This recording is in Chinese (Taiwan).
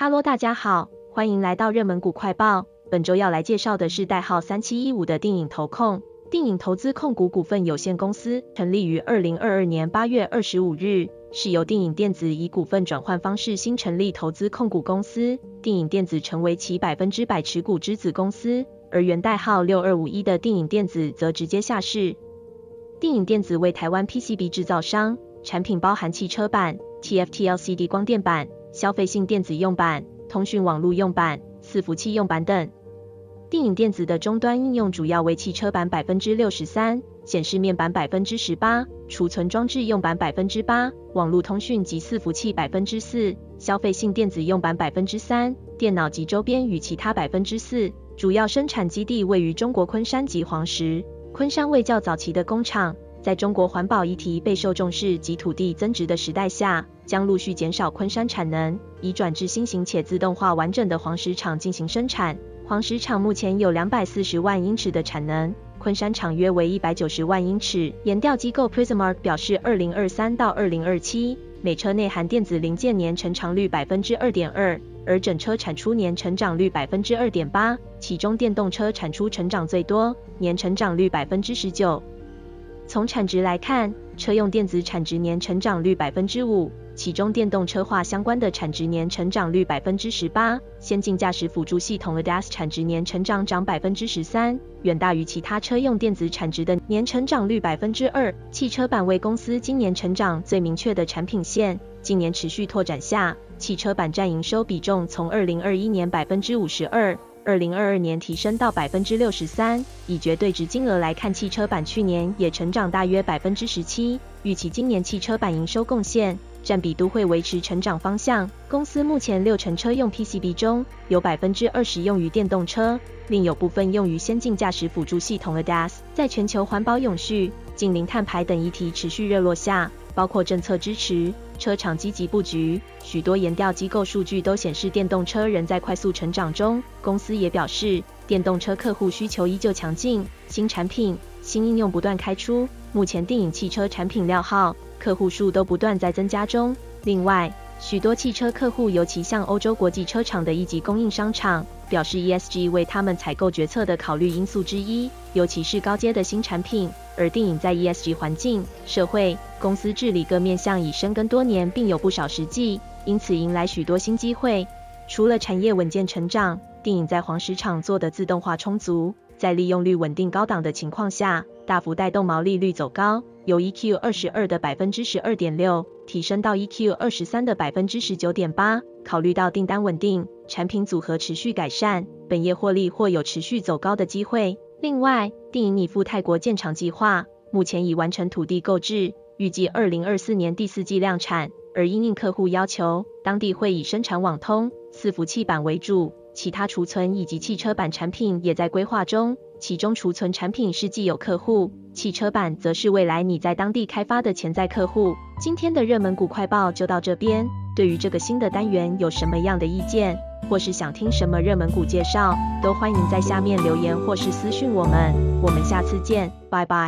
哈嘍，大家好，歡迎來到熱門股快報。本週要來介紹的是代號三七一五的定穎投控，定穎投資控股股份有限公司，成立於二零二二年八月二十五日，是由定穎電子以股份轉換方式新成立投資控股公司，定穎電子成為其百分之百持股之子公司，而原代號六二五一的定穎電子則直接下市。定穎電子為台灣 PCB 製造商，產品包含汽車板、TFT LCD 光電板。消費性電子用板、通訊網絡用板、伺服器用板等。定穎電子的終端應用主要為汽車板（百分之六十三）、顯示面板（百分之十八）、儲存裝置用板（百分之八）、網絡通訊及伺服器（百分之四）、消費性電子用板（百分之三）、電腦及周邊與其他（百分之四）。主要生產基地位於中國昆山及黃石，昆山為較早期的工廠。在中國環保議題備受重視及土地增值的時代下，將陸續減少昆山產能，移轉至新型且自動化完整的黃石廠進行生產。黃石廠目前有兩百四十萬英尺的產能，昆山廠約為一百九十萬英尺。研調機構 Prismark 表示，二零二三到二零二七，每車內含電子零件年成長率百分之二點二，而整車產出年成長率百分之二點八，其中電動車產出成長最多，年成長率百分之十九。從產值來看，車用電子產值年成長率百分之五，其中電動車化相關的產值年成長率百分之十八，先進駕駛輔助系統的 ADAS 產值年成長漲百分之十三，遠大於其他車用電子產值的年成長率百分之二。汽車板為公司今年成長最明確的產品線，近年持續拓展下，汽車板占營收比重從二零二一年百分之五十二，二零二二年提升到百分之六十三，以絕對值金額來看，汽車板去年也成長大約百分之十七。預期今年汽車板營收貢獻占比都會維持成長方向。公司目前六成車用 PCB 中有百分之二十用於電動車，另有部分用於先進駕駛輔助系統的 ADAS。在全球環保永續、近零碳排等議題持續熱絡下，包括政策支持、車廠積極布局。許多研調機構數據都顯示，電動車仍在快速成長中。公司也表示，電動車客戶需求依舊強勁，新產品、新應用不斷開出。目前，定穎汽車產品料號、客戶數都不斷在增加中。另外，許多汽車客戶，尤其像歐洲國際車廠的一級供應商廠，表示 ESG 為他們採購決策的考慮因素之一，尤其是高階的新產品。而定穎在 ESG 環境、社會、公司治理各面向已深耕多年，並有不少實際，因此迎來許多新機會。除了產業穩健成長，定穎在黃石廠做的自動化充足，在利用率穩定高檔的情況下，大幅帶動毛利率走高，由 E Q 二十二的百分之十二點六提升到 E Q 二十三的百分之十九點八。考慮到訂單穩定，產品組合持續改善，本業獲利或有持續走高的機會。另外，定穎擬赴泰國建廠計劃目前已完成土地購置，預計二零二四年第四季量產。而因應客戶要求，當地會以生產網通、伺服器板為主，其他儲存以及汽車板產品也在規劃中。其中儲存產品是既有客戶，汽車板則是未來你在當地開發的潛在客戶。今天的熱門股快報就到這邊，對於這個新的單元有什麼樣的意見？或是想聽什麼熱門股介紹，都歡迎在下面留言或是私訊我們。我們下次見，拜拜。